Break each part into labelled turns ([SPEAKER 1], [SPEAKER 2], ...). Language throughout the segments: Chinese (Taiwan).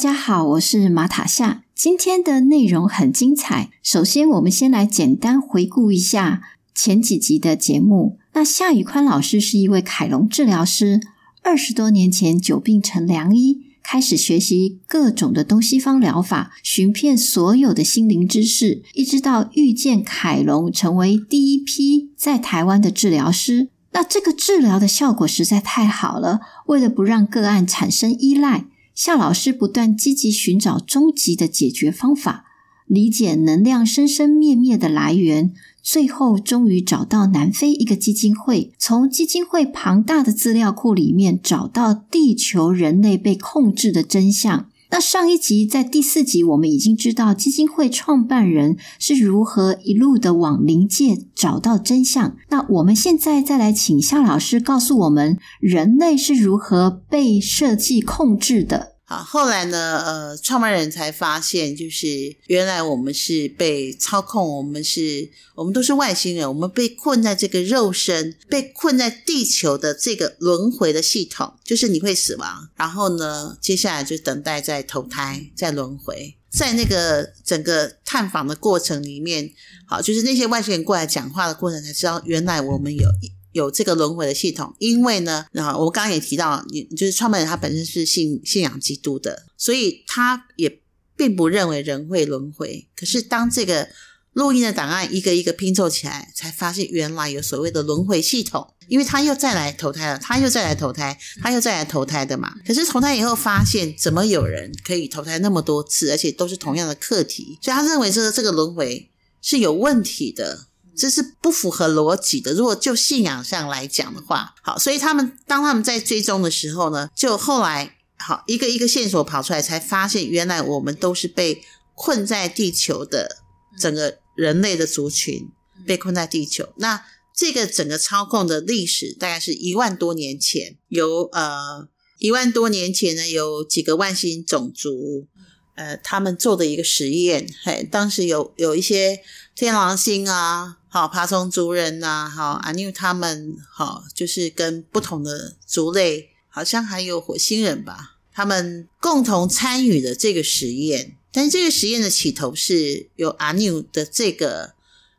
[SPEAKER 1] 大家好，我是馬塔夏。今天的內容很精彩。首先，我們先來簡單回顧一下前幾集的節目。那夏宇寬老師是一位克里昂治療師，二十多年前久病成良醫，開始學習各種的東西方療法，尋遍所有的心靈知識，一直到遇見克里昂，成為第一批在台灣的治療師。那這個治療的效果實在太好了，為了不讓個案產生依賴。夏老師不斷積極尋找終極的解決方法，理解能量生生滅滅的來源。最後，終於找到南非一個基金會，從基金會龐大的資料庫裡面找到地球人類被控制的真相。那上一集在第四集，我們已經知道基金會創辦人是如何一路的往靈界找到真相。那我們現在再來請夏老師告訴我們，人類是如何被設計控制的？好，
[SPEAKER 2] 後來呢，呃，創辦人才發現，就是原來我們是被操控，我們是，我們都是外星人，我們被困在這個肉身，被困在地球的這個輪迴的系統，就是你會死亡，然後呢，接下來就等待再投胎，再輪迴，在那個整個探訪的過程裡面，好，就是那些外星人過來講話的過程，才知道原來我們有。有這個輪迴的系統，因為呢，然後我剛剛也提到，你就是創辦人，他本身是信信仰基督的，所以他也並不認為人會輪迴。可是，當這個錄音的檔案一個一個拼湊起來，才發現原來有所謂的輪迴系統，因為他又再來投胎了，他又再來投胎，他又再來投胎的嘛。可是投胎以後，發現怎麼有人可以投胎那麼多次，而且都是同樣的課題，所以他認為這個這個輪迴是有問題的。這是不符合邏輯的。如果就信仰上來講的話，好，所以他們當他們在追蹤的時候呢，就後來好，一個一個線索跑出來，才發現原來我們都是被困在地球的，整個人類的族群被困在地球。那這個整個操控的歷史大概是一萬多年前，有呃一萬多年前呢，有幾個外星種族，呃，他們做的一個實驗，嘿，當時有有一些天狼星啊。好，爬蟲族人吶、啊，好，阿紐他們好，就是跟不同的族類，好像還有火星人吧，他們共同參與了這個實驗。但是這個實驗的起頭是由阿紐的這個，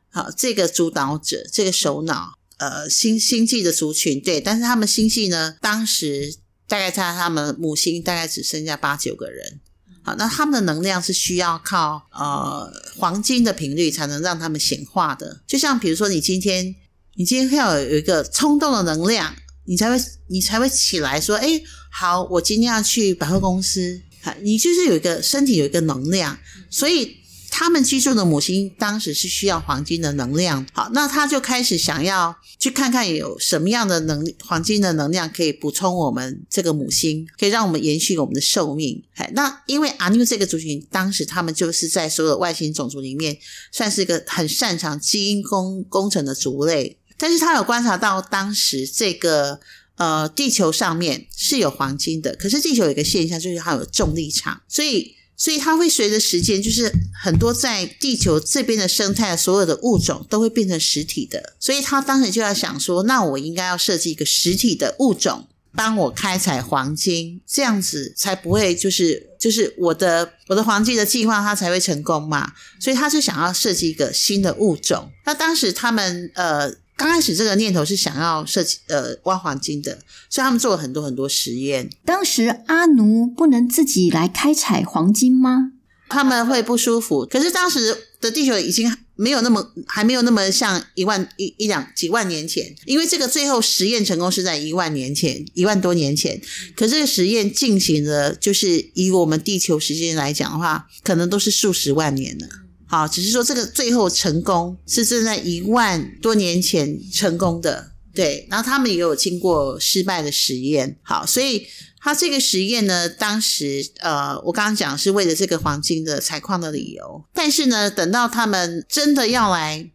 [SPEAKER 2] 好，這個主導者，這個首腦，呃，星星際的族群，對，但是他們星系呢，當時大概在他們母星，大概只剩下八九個人。好，那他們的能量是需要靠呃黃金的頻率才能讓他們顯化的。就像比如說，你今天你今天要有有一個衝動的能量，你才會你才會起來說，哎、欸，好，我今天要去百貨公司。你就是有一個身體有一個能量，所以。他們居住的母星當時是需要黃金的能量，好，那他就開始想要去看看有什麼樣的能黃金的能量可以補充我們這個母星，可以讓我們延續我們的壽命。誒，那因為阿努這個族群當時他們就是在所有外星種族裡面算是一個很擅長基因工工程的族類，但是他有觀察到當時這個呃地球上面是有黃金的，可是地球有一個現象，就是它有重力場，所以。所以它會隨着時間，就是很多在地球這邊的生態，所有的物種都會變成實體的。所以它當時就要想說，那我應該要設計一個實體的物種，幫我開採黃金，這樣子才不會就是就是我的我的黃金的計劃它才會成功嘛。所以它就想要設計一個新的物種。那當時他們呃。剛開始這個念頭是想要設計呃挖黃金的，所以他們做了很多很多實驗。當時阿奴不能自己來開採黃金嗎？他們會不舒服。可是當時的地球已經沒有那麼還沒有那麼像一萬一一兩幾萬年前，因為這個最後實驗成功是在一萬年前，一萬多年前。可這個實驗進行的，就是以我們地球時間來講的話，可能都是數十萬年了。好，只是說這個最後成功是正在一萬多年前成功的，對。然後他們也有經過失敗的實驗，好，所以他這個實驗呢，當時呃，我剛剛講是為了這個黃金的採礦的理由，但是呢，等到他們真的要來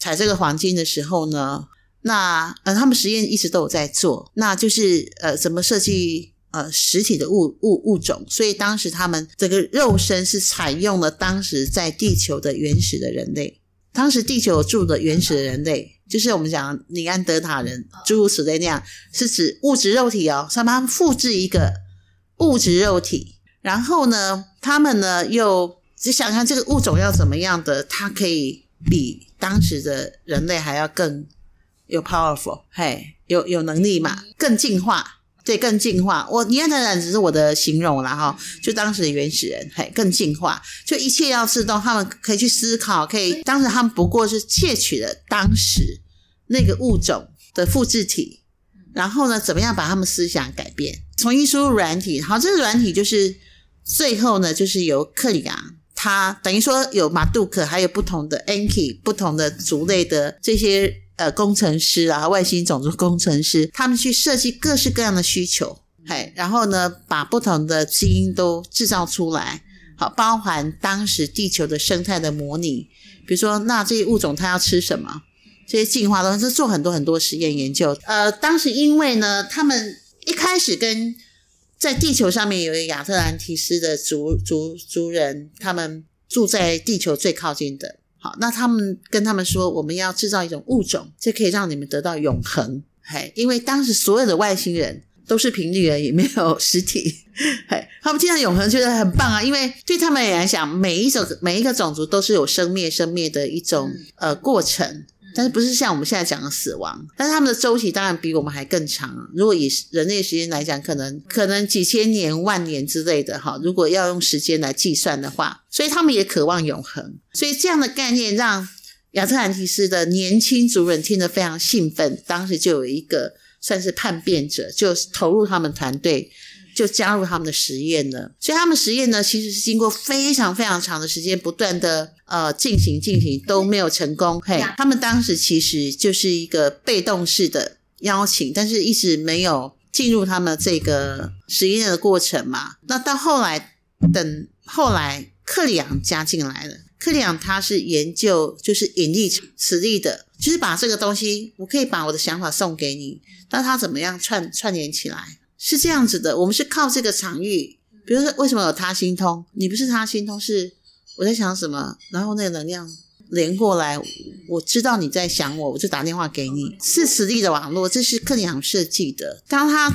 [SPEAKER 2] 採這個黃金的時候呢，那呃，他們實驗一直都有在做，那就是呃，怎麼設計。呃，實體的物物物種，所以當時他們這個肉身是採用了當時在地球的原始的人類，當時地球住的原始的人類，就是我們講尼安德塔人，諸如此類那樣，是指物質肉體哦，他們複製一個物質肉體，然後呢，他們呢又只想想這個物種要怎麼樣的，它可以比當時的人類還要更有 powerful，嘿，有有能力嘛，更進化。對，更進化。我尼安德塔只是我的形容啦，哈，就當時的原始人，嘿，更進化，就一切要知道，他們可以去思考，可以當時他們不過是竊取了當時那個物種的複製體，然後呢，怎麼樣把他們思想改變？重新輸入軟體，好，這個軟體就是最後呢，就是由克里昂，他等於說有馬杜克，還有不同的 Anki 不同的族類的這些。呃，工程師啊，外星種族工程師，他們去設計各式各樣的需求，嘿，然後呢，把不同的基因都制造出來，好，包含當時地球的生態的模擬，比如說，那這些物種它要吃什麼，這些進化東西，是做很多很多實驗研究。呃，當時因為呢，他們一開始跟在地球上面有一個亞特蘭提斯的族族族人，他們住在地球最靠近的。好，那他們跟他們說，我們要製造一種物種，這可以讓你們得到永恆。嘿，因為當時所有的外星人都是頻率而已，沒有實體。嘿，他們聽到永恆覺得很棒啊，因為對他們來講，每一種每一個種族都是有生滅生滅的一種呃過程。但是不是像我們現在講的死亡，但是他們的週期當然比我們還更長。如果以人類時間來講，可能可能幾千年、萬年之類的哈。如果要用時間來計算的話，所以他們也渴望永恆。所以這樣的概念讓亞特蘭蒂斯的年輕族人聽得非常興奮。當時就有一個算是叛變者，就投入他們團隊。就加入他們的實驗了，所以他們實驗呢，其實是經過非常非常長的時間，不斷的呃進行進行都沒有成功。嘿，他們當時其實就是一個被動式的邀請，但是一直沒有進入他們這個實驗的過程嘛。那到後來，等後來克里昂加進來了，克里昂他是研究就是引力、磁力的，就是把這個東西，我可以把我的想法送給你，但他怎麼樣串串聯起來？是這樣子的，我們是靠這個場域，比如說為什麼有他心通？你不是他心通，是我在想什麼，然後那個能量連過來，我知道你在想我，我就打電話給你，是、oh、磁力的網絡，這是克里昂設計的。當他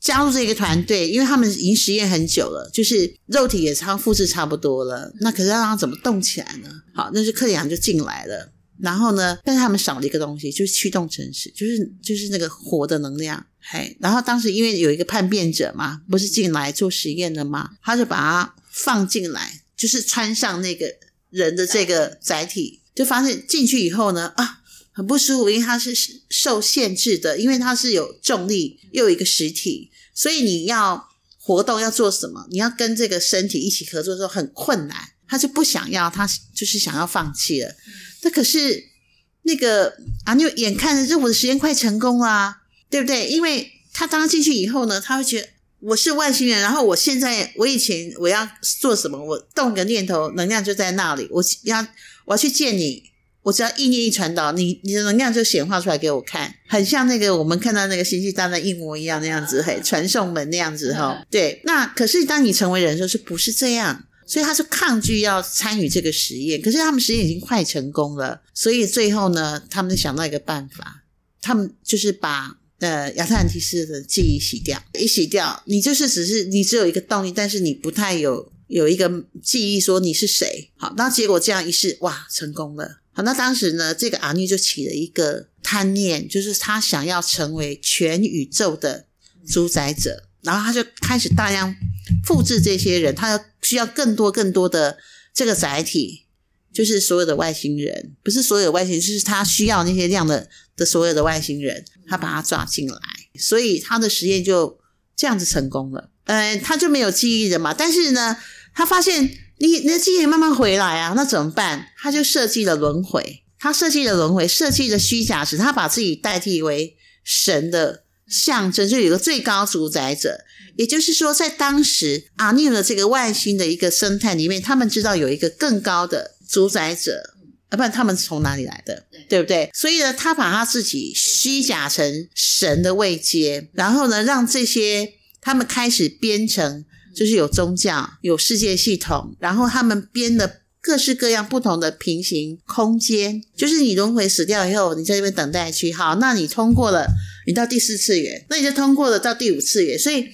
[SPEAKER 2] 加入這個團隊，因為他們已經實驗很久了，就是肉體也差複製差不多了，那可是要讓他怎麼動起來呢？好，那是克里昂就進來了。然後呢，但是他們少了一個東西，就是驅動程式，就是就是那個活的能量。嘿，然後當時因為有一個叛變者嘛，不是進來做實驗的嘛，他就把它放進來，就是穿上那個人的這個載體，就發現進去以後呢，啊，很不舒服，因為它是受限制的，因為它是有重力，又有一個實體，所以你要活動要做什麼，你要跟這個身體一起合作的時候很困難，他就不想要，他就是想要放棄了。那可是那個、啊、你，眼看着就我的實驗快成功啦，啊，對不對？因為他剛進去以後呢，他會覺得我是外星人，然後我現在我以前我要做什麼，我動一個念頭，能量就在那裡，我要我要去見你，我只要意念一傳導，你你的能量就顯化出來給我看，很像那個我們看到那個星際大戰一模一樣那樣子，嘿，傳送門那樣子哈。對，那可是當你成為人的時候，是不是這樣？所以他是抗拒要參與這個實驗，可是他們實驗已經快成功了。所以最後呢，他們就想到一個辦法，他們就是把呃亞特蘭提斯的記憶洗掉，一洗掉，你就是只是你只有一個動力，但是你不太有有一個記憶說你是誰。好，那結果這樣一試，哇，成功了。好，那當時呢，這個阿尼就起了一個貪念，就是他想要成為全宇宙的主宰者，然後他就開始大量複製這些人，他要。需要更多更多的這個載體，就是所有的外星人，不是所有的外星，就是他需要那些量的的所有的外星人，他把他抓進來，所以他的實驗就這樣子成功了。嗯、呃，他就沒有記憶的嘛，但是呢，他發現你那記憶慢慢回來啊，那怎麼辦？他就設計了輪迴，他設計了輪迴，設計了虛假史，他把自己代替為神的。象徵就是有個最高主宰者，也就是說，在當時阿尼爾這個外星的一個生態裡面，他們知道有一個更高的主宰者，啊，不然他們從哪裡來的？對不對？所以呢，他把他自己虛假成神的位階，然後呢，讓這些他們開始編程，就是有宗教、有世界系統，然後他們編了各式各樣不同的平行空間，就是你輪回死掉以後，你在這邊等待去，好，那你通過了。到第四次元，那你就通過了到第五次元，所以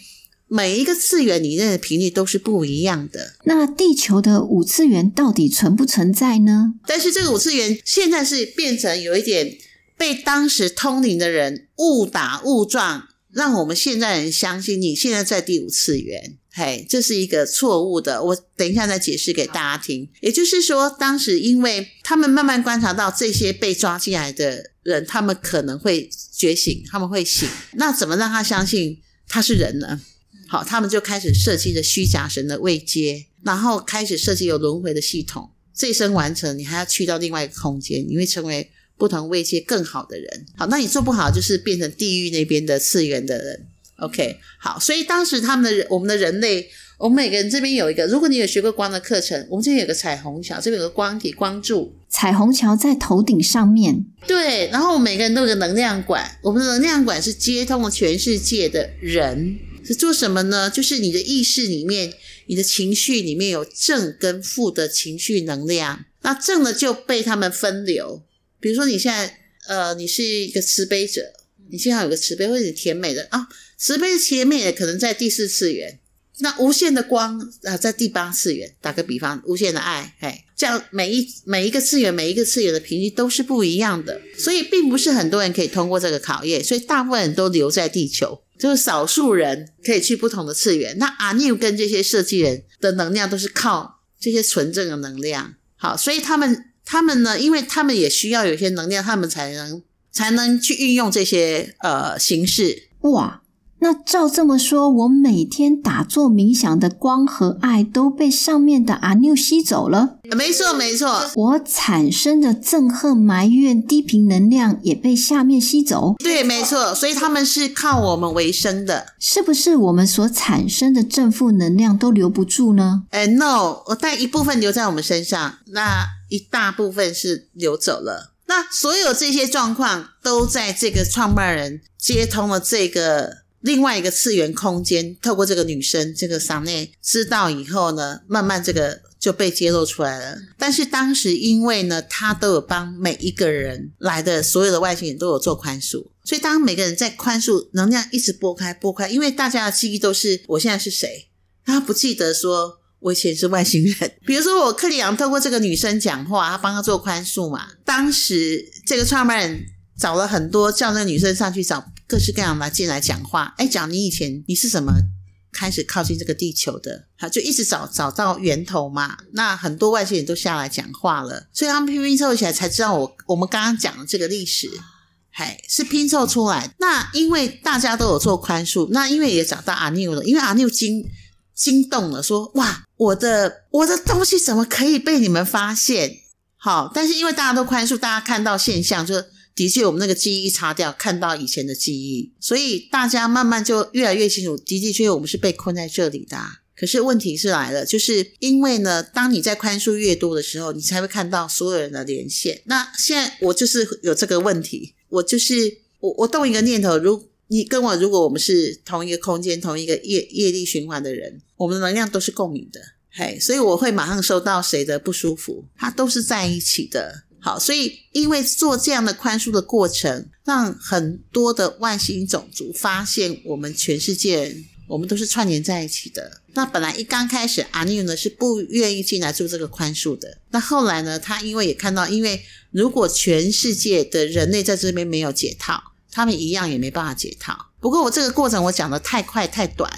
[SPEAKER 2] 每一個次元
[SPEAKER 1] 裡面的頻率都是
[SPEAKER 2] 不一樣的。
[SPEAKER 1] 那地球的五次元到底存不存在呢？
[SPEAKER 2] 但是這個五次元現在是變成有一點被當時通靈的人誤打誤撞，讓我們現在人相信你現在在第五次元。嘿，這是一個錯誤的。我等一下再解釋給大家聽。也就是說，當時因為他們慢慢觀察到這些被抓進來的人，他們可能會覺醒，他們會醒。那怎麼讓他相信他是人呢？好，他們就開始設計了虛假神的位階，然後開始設計有輪迴的系統。這一生完成，你還要去到另外一個空間，你會成為不同位階更好的人。好，那你做不好，就是變成地獄那邊的次元的人。OK，好，所以當時他們的人，我們的人類，我們每個人這邊有一個，如果你有學過光的課程，我們這邊有個彩虹橋，這邊有個光體、
[SPEAKER 1] 光柱，彩虹橋在頭頂上面。
[SPEAKER 2] 對，然後我們每個人都有個能量管，我們的能量管是接通了全世界的人，是做什麼呢？就是你的意識裡面，你的情緒裡面有正跟負的情緒能量，那正的就被他們分流。比如說你現在，呃，你是一個慈悲者，你現在有個慈悲或者你甜美的啊。慈悲的前面也可能在第四次元，那無限的光啊，在第八次元。打個比方，無限的愛，嘿，這樣每一每一個次元，每一個次元的頻率都是不一樣的，所以並不是很多人可以通過這個考驗，所以大部分人都留在地球，就是少數人可以去不同的次元。那阿 New 跟這些設計人的能量都是靠這些純正的能量，好，所以他們他們呢，因為他們也需要有些能量，他們才能才能去運用這些
[SPEAKER 1] 呃形式，哇。那照這麼說，我每天打坐冥想的光和愛都被上面的阿努吸走了？沒錯，沒錯，我產生的憎恨、埋怨、低頻能量也被下面吸走。對，
[SPEAKER 2] 沒錯，所以他們是靠我們為生的，
[SPEAKER 1] 是不是？我們所產生的正負能量都留不住呢？哎，no，我帶一部分留在我們身上，
[SPEAKER 2] 那一大部分是流走了。那所有這些狀況都在這個創辦人接通了這個。另外一個次元空間，透過這個女生這個嗓音知道以後呢，慢慢這個就被揭露出來了。但是當時因為呢，他都有幫每一個人來的所有的外星人都有做寬恕，所以當每個人在寬恕，能量一直撥開撥開，因為大家的記憶都是我現在是誰，他不記得說我以前是外星人。比如說我克里昂透過這個女生講話，他幫他做寬恕嘛。當時這個創辦人找了很多叫那個女生上去找。各式各樣的進來進來講話，誒、欸、講你以前你是怎麼開始靠近這個地球的？好，就一直找找到源頭嘛。那很多外星人都下來講話了，所以他們拼拼湊起來才知道我我們剛剛講的這個歷史，嘿，是拼湊出來。那因為大家都有做寬恕，那因為也找到阿妞了，因為阿妞驚驚,驚動了，說哇，我的我的東西怎麼可以被你們發現？好，但是因為大家都寬恕，大家看到現象就是。的確，我們那個記憶一擦掉，看到以前的記憶，所以大家慢慢就越來越清楚。的的確確，我們是被困在這裡的啊。可是問題是來了，就是因為呢，當你在寬恕越多的時候，你才會看到所有人的連線。那現在我就是有這個問題，我就是我，我動一個念頭，如你跟我，如果我們是同一個空間、同一個業業力循環的人，我們的能量都是共有的，嘿，所以我會馬上收到誰的不舒服，他都是在一起的。好，所以因為做這樣的寬恕的過程，讓很多的外星種族發現我們全世界，我們都是串聯在一起的。那本來一剛開始，阿 New 呢是不願意進來做這個寬恕的。那後來呢，他因為也看到，因為如果全世界的人類在這邊沒有解套，他們一樣也沒辦法解套。不過我這個過程我講得太快太短，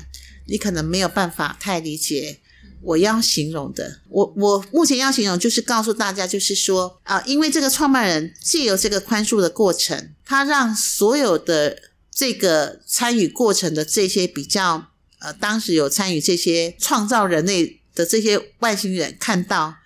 [SPEAKER 2] 你可能沒有辦法太理解。我要形容的，我我目前要形容就是告訴大家，就是說啊、呃，因為這個創辦人借由這個寬恕的過程，他讓所有的這個參與過程的這些比較呃，當時有參與這些創造人類的這些外星人看到，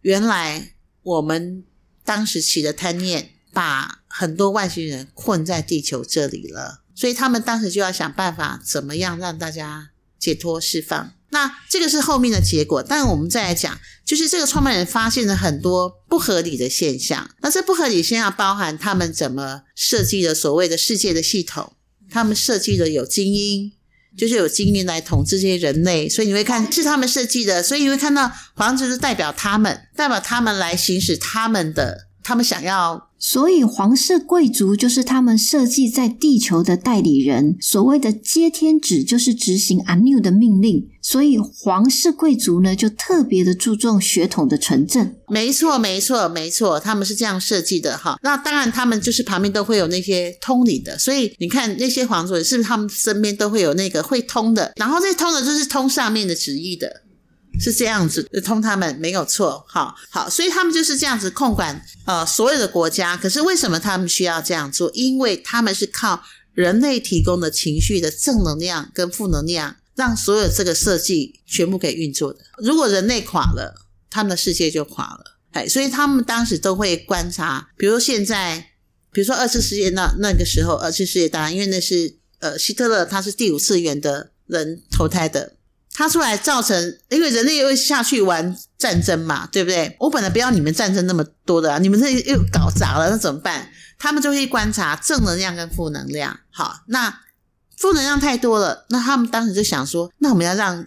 [SPEAKER 2] 原來我們當時起的貪念，把很多外星人困在地球這裡了，所以他們當時就要想辦法，怎麼樣讓大家解脫釋放。那這個是後面的結果，但我們再來講，就是這個創辦人發現了很多不合理的現象。那這不合理現象包含他們怎麼設計的所謂的世界的系統，他們設計的有精英，就是有精英來統治這些人類，所以你會看是他們設計的，所以你會看到皇子是代表他們，代表他們來行使
[SPEAKER 1] 他們的。他們想要，所以皇室貴族就是他們設計在地球的代理人。所謂的接天旨就是執行阿紐的命令，所以皇室貴族呢就特別的注重血統的純正。
[SPEAKER 2] 沒錯，沒錯，沒錯，他們是這樣設計的哈。那當然，他們就是旁邊都會有那些通靈的，所以你看那些皇族是不是他們身邊都會有那個會通的？然後這通的，就是通上面的旨意的。是這樣子，通他們沒有錯，好好，所以他們就是這樣子控管呃所有的國家。可是為什麼他們需要這樣做？因為他們是靠人類提供的情緒的正能量跟負能量，讓所有這個設計全部給運作的。如果人類垮了，他們的世界就垮了。哎，所以他們當時都會觀察，比如說現在，比如說二次世界那那個時候，二次世界大戰，當然因為那是呃希特勒他是第五次元的人投胎的。它出來造成，因為人類又會下去玩戰爭嘛，對不對？我本來不要你們戰爭那麼多的啊，你們這又搞砸了，那怎麼辦？他們就會觀察正能量跟負能量，好，那負能量太多了，那他們當時就想說，那我們要讓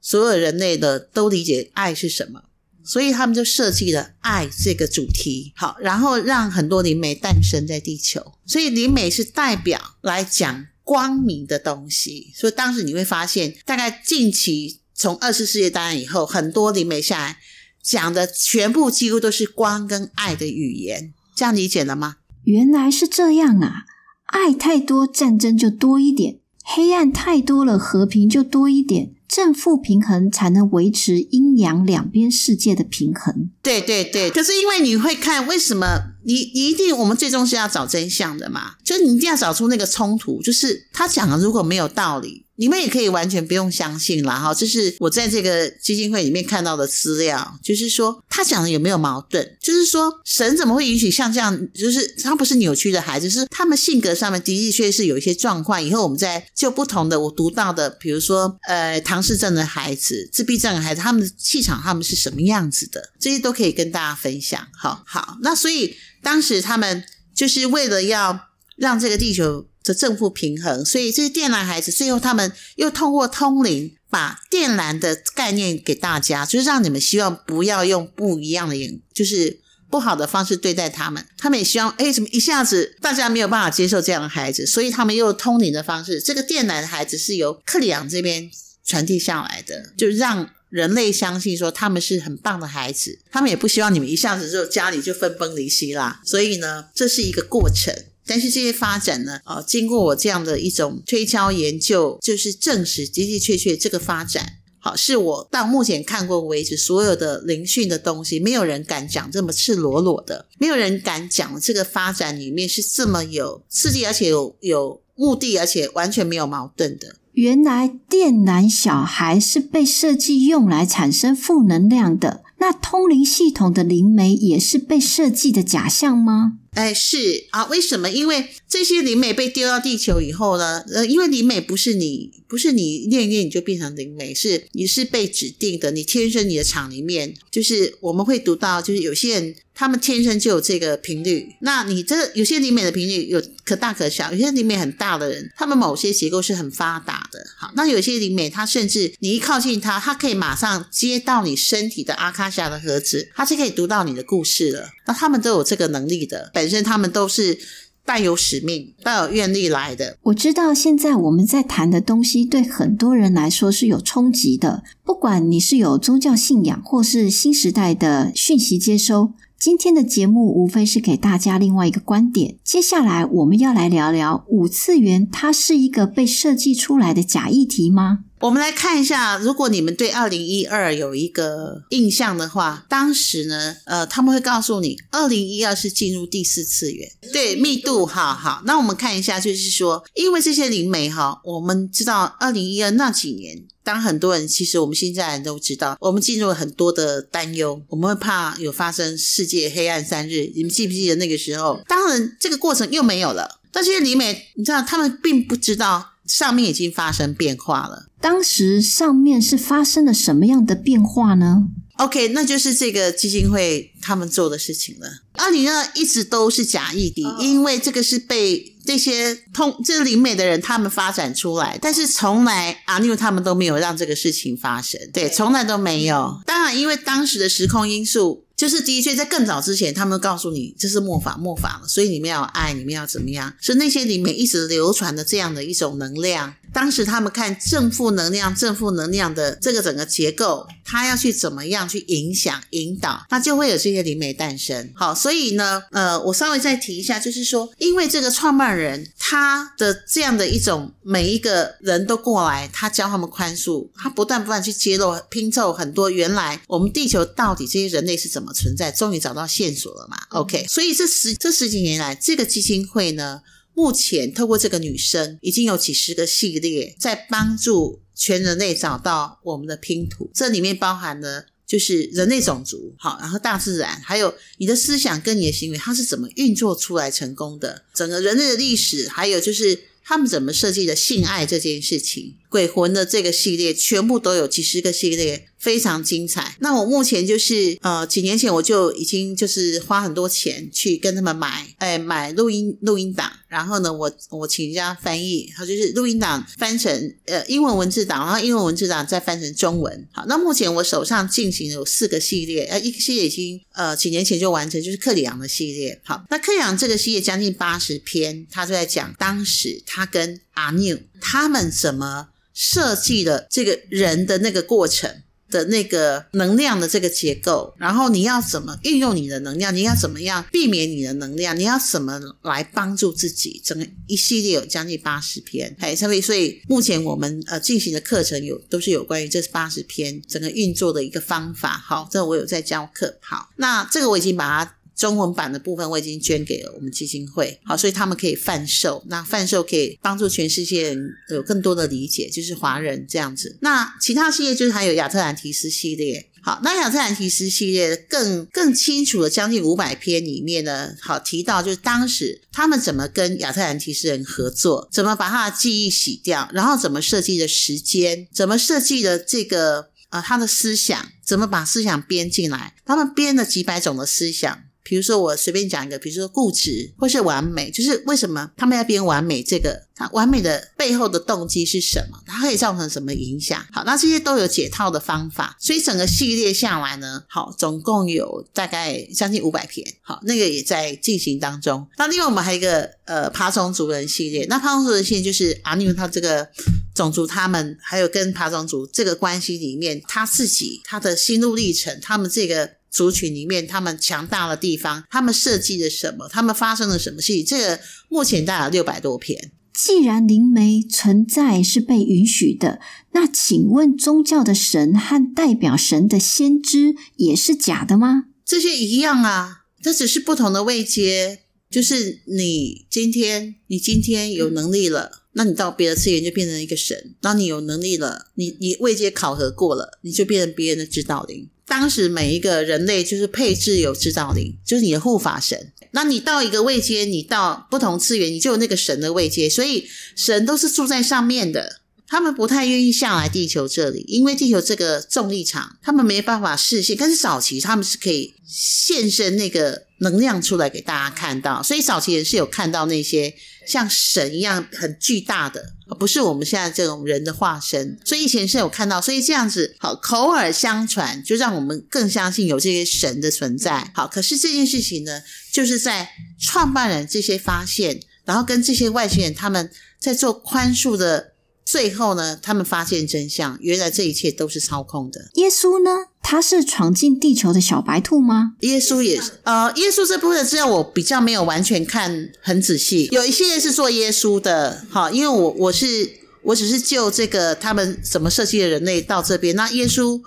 [SPEAKER 2] 所有人類的都理解愛是什麼，所以他們就設計了愛這個主題，好，然後讓很多靈媒誕生在地球，所以靈媒是代表來講。光明的東西，所以當時你會發現，大概近期從二次世界大戰以後，很多靈媒下來講的全部幾乎都是光跟愛的語言，這樣理解了嗎？
[SPEAKER 1] 原來是這樣啊！愛太多，戰爭就多一點；黑暗太多了，和平就多一點。正負平衡才能維持陰陽兩邊世界的平衡。
[SPEAKER 2] 對對對，可是因為你會看，為什麼？你你一定，我們最終是要找真相的嘛，就你一定要找出那個衝突，就是他講的如果沒有道理。你們也可以完全不用相信啦，哈，這、就是我在這個基金會裡面看到的資料，就是說他講的有沒有矛盾？就是說神怎麼會允許像這樣？就是他不是扭曲的孩子，是他們性格上面的的確是有一些狀況。以後我們在就不同的，我讀到的，比如說呃唐氏症的孩子、自閉症的孩子，他們的氣場，他們是什麼樣子的？這些都可以跟大家分享，哈。好，那所以當時他們就是為了要讓這個地球。的正負平衡，所以這些靛藍孩子最後他們又通過通靈把靛藍的概念給大家，就是讓你們希望不要用不一樣的眼，就是不好的方式對待他們。他們也希望，哎，怎麼一下子大家沒有辦法接受這樣的孩子，所以他們又通靈的方式，這個靛藍的孩子是由克里昂這邊傳遞下來的，就讓人類相信說他們是很棒的孩子。他們也不希望你們一下子就家裡就分崩離析啦，所以呢，這是一個過程。但是這些發展呢？呃、哦，經過我這樣的一種推敲研究，就是證實的的確確，這個發展好、哦、是我到目前看過為止所有的靈訊的東西，沒有人敢講這麼赤裸裸的，沒有人敢講這個發展裡面是這麼有設計，而且有有目的，而且完全沒有矛盾的。
[SPEAKER 1] 原來靛藍小孩是被設計用來產生負能量的，那通靈系統的靈媒也是被設計的假象嗎？
[SPEAKER 2] 哎，是啊，為什麼？因為這些靈媒被丟到地球以後呢，呃，因為靈媒不是你，不是你練一練你就變成靈媒，是你是被指定的，你天生你的場裡面，就是我們會讀到，就是有些人他們天生就有這個頻率。那你這有些靈媒的頻率有可大可小，有些靈媒很大的人，他們某些結構是很發達的。好，那有些靈媒，它甚至你一靠近它，它可以馬上接到你身體的阿卡夏的盒子，它是可以讀到你的故事的。那他們都有這個能力的。本身他們都是帶有使命、帶有願力來
[SPEAKER 1] 的。我知道現在我們在談的東西對很多人來說是有衝擊的，不管你是有宗教信仰或是新時代的訊息接收。今天的節目無非是給大家另外一個觀點。接下來我們要來聊聊五次元，它是一個被設計出來的假議題嗎？我們來看一下，如果
[SPEAKER 2] 你們對二零一二有一個印象的話，當時呢，呃，他們會告訴你，二零一二是進入第四次元，對，密度，哈，好。那我們看一下，就是說，因為這些靈媒哈，我們知道二零一二那幾年，當很多人其實我們現在都知道，我們進入了很多的擔憂，我們會怕有發生世界黑暗三日。你們記不記得那個時候？當然，這個過程又沒有了。但這些靈媒，你知道，他們並不知道。上面已經發生變化了。
[SPEAKER 1] 當時上面是發生了什麼樣的變化呢
[SPEAKER 2] ？OK，那就是這個基金會他們做的事情了。二零二一直都是假異地，oh. 因為這個是被。這些通這些靈媒的人，他們發展出來，但是從來阿 n e 他們都沒有讓這個事情發生，對，從來都沒有。當然，因為當時的時空因素，就是的確在更早之前，他們告訴你這是末法，末法了，所以你們要愛，你們要怎麼樣？所以那些靈媒一直流傳的這樣的一種能量，當時他們看正負能量、正負能量的這個整個結構，他要去怎麼樣去影響、引導，那就會有這些靈媒誕生。好，所以呢，呃，我稍微再提一下，就是說，因為這個創辦人。人，他的這樣的一種每一個人都過來，他教他們寬恕，他不斷不斷去揭露拼湊很多原來我們地球到底這些人類是怎麼存在，終於找到線索了嘛？OK，所以這十這十幾年來，這個基金會呢，目前透過這個女生，已經有幾十個系列在幫助全人類找到我們的拼圖，這裡面包含了。就是人類種族，好，然後大自然，還有你的思想跟你的行為，它是怎麼運作出來成功的？整個人類的歷史，還有就是他們怎麼設計的性愛這件事情，鬼魂的這個系列，全部都有幾十個系列。非常精彩。那我目前就是呃，幾年前我就已經就是花很多錢去跟他們買，哎，買錄音錄音檔，然後呢，我我請人家翻譯，好，就是錄音檔翻成呃英文文字檔，然後英文文字檔再翻成中文。好，那目前我手上進行有四個系列，呃，一個系列已經呃幾年前就完成，就是克里昂的系列。好，那克里昂這個系列將近八十篇，他就在講當時他跟阿紐他們怎麼設計了這個人的那個過程。的那個能量的這個結構，然後你要怎麼運用你的能量？你要怎麼樣避免你的能量？你要怎麼來幫助自己？整個一系列有將近八十篇，嘿，所以所以目前我們呃進行的課程有都是有關於這八十篇整個運作的一個方法。好，這我有在教課。好，那這個我已經把它。中文版的部分我已經捐給了我們基金會，好，所以他們可以販售，那販售可以幫助全世界人有更多的理解，就是華人這樣子。那其他系列就是還有亞特蘭提斯系列，好，那亞特蘭提斯系列更更清楚的將近五百篇裡面呢，好提到就是當時他們怎麼跟亞特蘭提斯人合作，怎麼把他的記憶洗掉，然後怎麼設計的時間，怎麼設計的這個呃他的思想，怎麼把思想編進來，他們編了幾百種的思想。比如說我隨便講一個，比如說固執或是完美，就是為什麼他們要變完美？這個他完美的背後的動機是什麼？它可以造成什麼影響？好，那這些都有解套的方法，所以整個系列下來呢，好，總共有大概將近五百篇。好，那個也在進行當中。那另外我們還有一個呃爬蟲族人系列，那爬蟲族人系列就是啊、因為他這個種族，他們還有跟爬蟲族這個關係裡面，他自己他的心路歷程，他們這個。族群裡面，他們強大的地方，他們設計了什麼？他們發生了什麼事情？這個目前大概六百多篇。
[SPEAKER 1] 既然靈媒存在是被允許的，那請問宗教的神和代表神的先知也是假的嗎？
[SPEAKER 2] 這些一樣啊，這只是不同的位階。就是你今天，你今天有能力了，嗯、那你到別的次元就變成一個神；那你有能力了，你你位階考核過了，你就變成別人的指導靈。當時每一個人類就是配置有指導靈，就是你的護法神。那你到一個位階，你到不同次元，你就有那個神的位階，所以神都是住在上面的。他們不太願意下來地球這裡，因為地球這個重力場，他們沒辦法視線。但是早期他們是可以現身那個能量出來給大家看到，所以早期人是有看到那些像神一樣很巨大的，不是我們現在這種人的化身。所以以前是有看到，所以這樣子好，口耳相傳，就讓我們更相信有這些神的存在。好，可是這件事情呢，就是在創辦人這些發現，然後跟這些外星人他們在做寬恕的。最後呢，他們發現真相，原來這一切都是操控的。
[SPEAKER 1] 耶穌呢，他是闖進地球的小白兔嗎？耶穌也是呃
[SPEAKER 2] 耶穌這部分資料我比較沒有完全看很仔細，有一系列是做耶穌的。好，因為我我是我只是救這個他們怎麼設計的人類到這邊。那耶穌，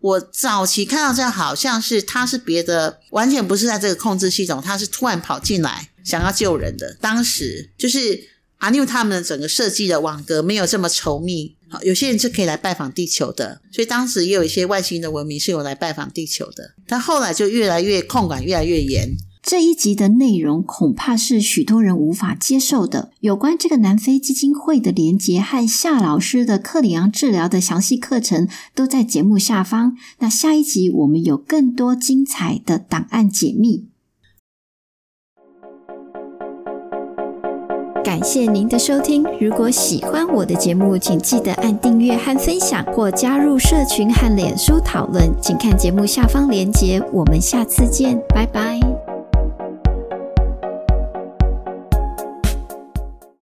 [SPEAKER 2] 我早期看到這樣，好像是他是別的，完全不是在這個控制系統，他是突然跑進來想要救人的。當時就是。阿紐他們的整個設計的網格沒有這麼稠密，好，有些人是可以來拜訪地球的，所以當時也有一些外星人的文明是有來拜訪地球的。但後來就越來越控管越來越嚴。
[SPEAKER 1] 這一集的內容恐怕是許多人無法接受的。有關這個南非基金會的連結和夏老師的克里昂治療的詳細課程都在節目下方。那下一集我們有更多精彩的檔案解密。感謝您的收聽，如果喜歡我的節目，請記得按訂閱和分享，或加入社群和臉書討論，請看節目下方連結。我們下次見，拜拜。